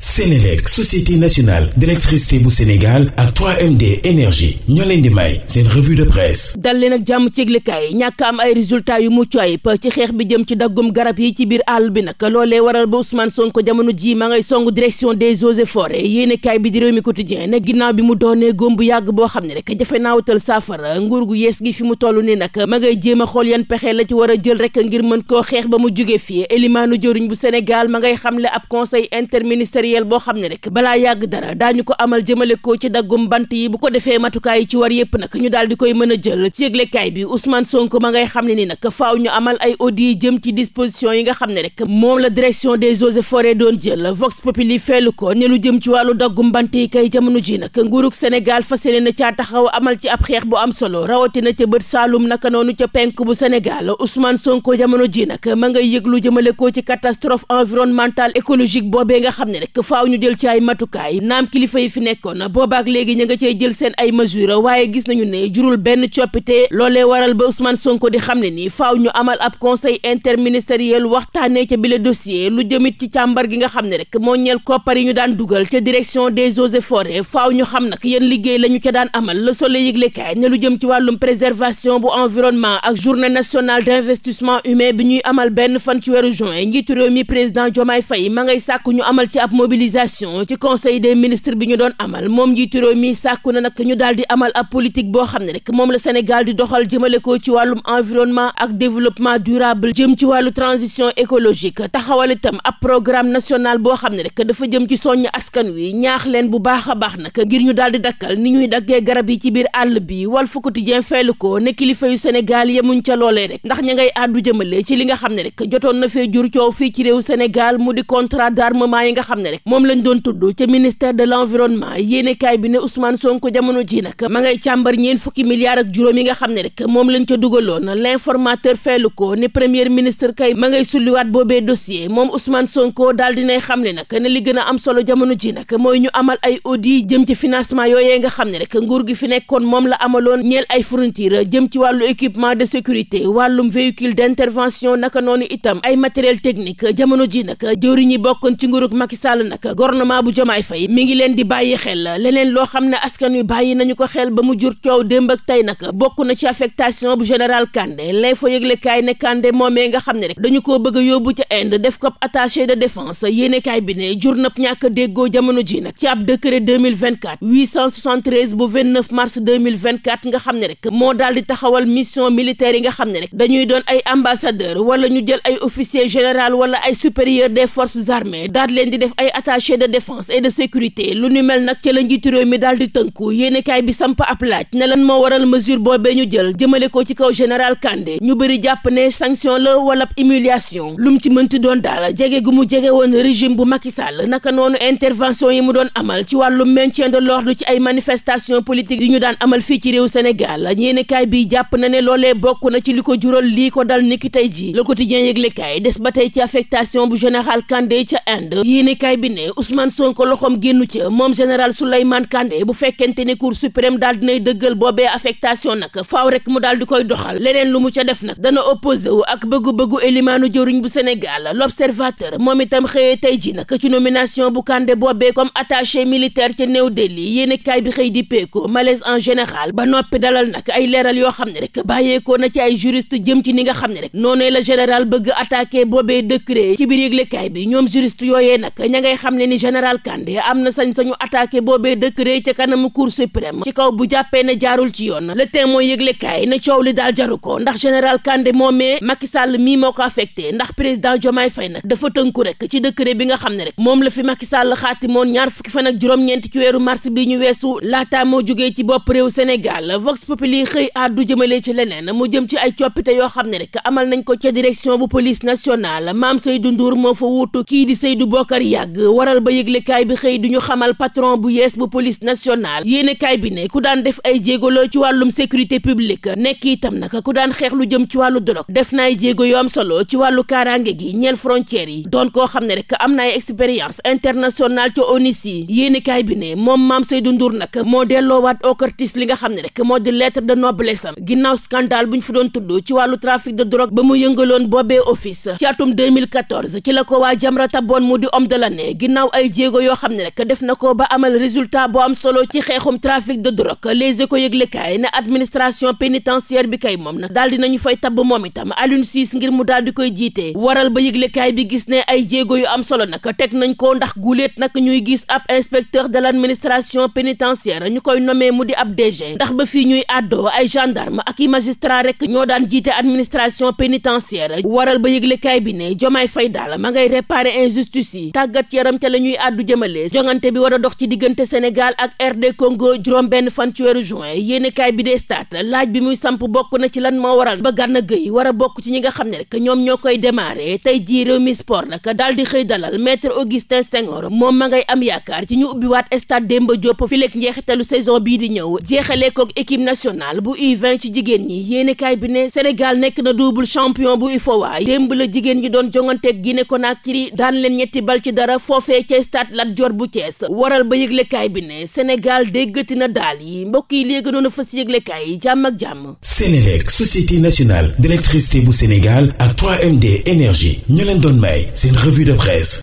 Sénélec société nationale d'électricité bu Sénégal ak 3MD énergie ñoo leen di may seen revue de presse dal leen ak jàmm ci yëglekaay ñàkk am ay résultats yu mucc ayib ci xeex bi jëm ci daggum garab yi ci biir àll bi nag loolee waral ba Ousmane Sonko jamono jii ma ngay song direction des eaux et forêts yéenekaay bi di réew mi quotidien ne ginnaaw bi mu doonee góom bu yàgg boo xam ne rek jafe naawatal saafara nguur gu yees gi fi mu toll ni nag ma ngay jéem a xool yan pexe la ci war a jël rek ngir mën koo xeex ba mu jóge fii élimaanu jëriñ bu Sénégal ma ngay xamle ab matériel boo xam ne rek balaa yàgg dara daañu ko amal jëmale ko ci daggum bant yi bu ko defee matukaay yi ci war yépp nag ñu daal di koy mën a jël ci yëglekaay bi Ousmane Sonko ma ngay xam ne ni nag faaw ñu amal ay audit yi jëm ci disposition yi nga xam ne rek moom la direction des eaux et doon jël Vox Populi ko ne lu jëm ci wàllu daggum bant yi kay jamono ji nag nguurug Sénégal fas yéene na caa taxaw amal ci ab xeex bu am solo rawatina ca bët Saalum naka noonu ca penk bu Sénégal Ousmane Sonko jamono ji nag ma ngay yëglu jëmale ko ci catastrophe environnementale écologique boobee nga xam ne rek que faaw ñu jël ci ay matukaay naam kilifa yi fi nekkoon boobaak léegi ña nga cey jël seen ay mesure waaye gis nañu ne jurul benn coppite loolee waral ba Ousmane Sonko di xam ne nii faaw ñu amal ab conseil interministériel waxtaanee ca bile dossier lu jëmit ci càmbar gi nga xam ne rek moo ñeel koppar yi ñu daan dugal ca direction des eaux et forêts faaw ñu xam nag yéen liggéey la ñu ca daan amal la soleil yëglekaay ne lu jëm ci wàllum préservation bu environnement ak journée nationale d'investissement humain bi ñuy amal benn fan ci weeru juin njiitu réew mi président Diomaye Faye ma ngay sàkk mobilisation ci conseil des ministres bi ñu doon amal moom njiitu mi sàkku na nag ñu daal di amal ab politique boo xam ne rek moom la Sénégal di doxal jëmale ko ci wàllu transition écologique taxawal itam ab programme national boo xam ne rek dafa jëm ci soññ askan wi ñaax leen bu baax a baax nag ngir ñu daal dakkal ni ñuy daggee garab yi ci biir àll bi Walf Quotidien faylu ko ne kilifa yu Sénégal yemuñ ca loolee rek ndax ña ngay àddu jëmale ci li nga xam moom lañ doon tudd ca ministère de l'environnement yéenekaay bi ne Ousmane Sonko jamono ji nag ma ngay càmbar ñeen fukki milliards ak juróom yi nga xam ne rek moom lañ ca dugaloon l'informateur feelu ko ne premier ministre kay ma ngay sulliwaat boobee dossier moom Ousmane Sonko daal dinay xam ne nag ne li gën a am solo jamono ji nag mooy ñu amal ay audit jëm ci financement yooyee nga xam ne rek nguur gi fi nekkoon moom la amaloon ñeen ay fourniture jëm ci wàllu équipement de sécurité wàllu véhicule d'intervention naka noonu itam ay matériel technique jamono ji nag jëwriñ yi bokkoon ci nguurug Macky Sall yoon nag gouvernement bu Diomaye fay mi ngi leen di bàyyi xel leneen loo xam ne askan wi bàyyi nañu ko xel ba mu jur coow démb ak tey nag bokk na ci affectation bu général Kandé lay fa yëglekaay ne Kandé moomee nga xam ne rek dañu koo bëgg a yóbbu ca Inde def ko attaché de défense yéenekaay bi ne jur nap ñàkk a déggoo jamono ji nag ci ab décret 2024 873 bu 29 mars 2024 nga xam ne rek moo daal di taxawal mission militaire yi nga xam ne rek dañuy doon ay ambassadeur wala ñu jël ay officier général wala ay supérieur des forces armées daal leen di def ay attaché de défense et de sécurité lu ni mel nag ca la njiitu réew mi daal di tënku yéenekaay bi samp ab laaj ne lan moo waral mesure boobee ñu jël jëmale ko ci kaw général Kandé ñu bëri jàpp ne sanction la wala humiliation lu mu ci mënti doon daal jege gu mu jege woon régime bu Macky Sall naka noonu intervention yi mu doon amal ci wàllu maintien de l'ordre ci ay manifestation politique yi ñu daan amal fii ci réew Sénégal yéenekaay bi jàpp na ne loolee bokk na ci li ko jural lii ko dal niki tey ji Le Quotidien des ba tey ci affectation bu général Kandé ca Inde bi ne Ousmane Sonko loxoom génnu ca moom général Souleymane Kandé bu fekkente ne cour suprême daal dinay dëggal boobee affectation nag faaw rek mu daal di koy doxal leneen lu mu ca def nag dana opposé wu ak bëggu-bëggu élimaanu jëriñ bu Sénégal l'observateur moom itam xëyee tey ji nag ci nomination bu Kandé boobee comme attaché militaire ca New Delhi yéenekaay bi xëy di peeko malaise en général ba noppi dalal nag ay leeral yoo xam ne rek bàyyeekoo na ci ay juriste jëm ci ni nga xam ne rek noonee la général bëgg attaqué boobee décret ci biir yëglekaay bi ñoom juriste yooyee nag ngay xam ne ni général Kandé am na sañ-sañu attaqué boobee décret ca kanamu cour suprême ci kaw bu jàppee ne jaarul ci yoon le Témoin mooy yëglekaay ne coow li daal jaru ko ndax général Kandé moomee Macky mii moo ko affecté ndax président Diomaye Faye nag dafa tënku rek ci décret bi nga xam ne rek moom la fi Macky Sall xaatimoon ñaar fukki fan ak juróom-ñeent ci weeru mars bi ñu weesu laataa moo jógee ci bopp réew Sénégal Vox Populi xëy àddu jëmale ci leneen mu jëm ci ay coppite yoo xam ne ko ca direction bu police nationale Mame Seydou Ndour moo waral ba yëglekaay bi xëy du ñu xamal patron bu yees bu police nationale yéenekaay bi ne ku daan def ay jéegoloo ci wàllum sécurité publique nekk itam naka ku daan xeex lu jëm ci wàllu drogue def na ay jéego yu am solo ci wàllu kaaraange gi ñeel frontières yi doon koo xam ne rek am na ay expérience internationale ci ONIS yi yéenekaay bi ne moom maam Seydou Ndour nag moo delloowaat Ocartis li nga xam ne rek moo di lettre de noblesse am ginnaaw scandale bu fi doon tudd ci wàllu trafic de ba mu yëngaloon boobee office ci atum 2014 ci la ko waa Jamra taboon mu di homme de l'année ginnaaw ay jéego yoo xam ne rek def na ko ba amal résultat boo am solo ci xeexum trafic de drogue les éco yëglekaay ne administration pénitentiaire bi kay moom nag daal dinañu fay tabb moom itam Alioune Cissé ngir mu daal di koy jiite waral ba yëglekaay bi gis ne ay jéego yu am solo nag teg nañ ko ndax guuleet nag ñuy gis ab inspecteur de l' administration pénitentiaire ñu koy nommé mu di ab DG ndax ba fii ñuy àddoo ay gendarme ak i magistrat rek ñoo daan jiite administration pénitentiaire waral ba yëglekaay bi ne Jomaay Fay ma ngay réparer yaram ca la ñuy àddu jëmale jongante bi war a dox ci diggante Sénégal ak RD Congo juróom benn fan ci weeru juin yéenekaay bi dee laaj bi muy samp bokk na ci lan moo waral ba Gana Gueye war a bokk ci ñi nga xam ne rek ñoom ñoo koy démarrer tey jii mi sport nag daal di xëy dalal maître Augustin Senghor moom ma ngay am yaakaar ci ñu ubbiwaat stade Demba Diop fi lekk saison bii di ñëw jeexalee koog équipe nationale bu u ci jigéen ñi yéenekaay bi ne Sénégal nekk na double champion bu UFOA démb la jigéen ñi doon jonganteeg Guinée Conakry daan leen ñetti bal ci dara foofee ca stade Lat Dior bu Thiès waral ba yëglekaay bi ne Sénégal déggati na daal yi mbokk yi léegi noonu fas yëglekaay yi jàmm ak jàmm. Sénélec société nationale d'électricité bu Sénégal ak 3MD énergie ñu leen doon may seen revue de presse.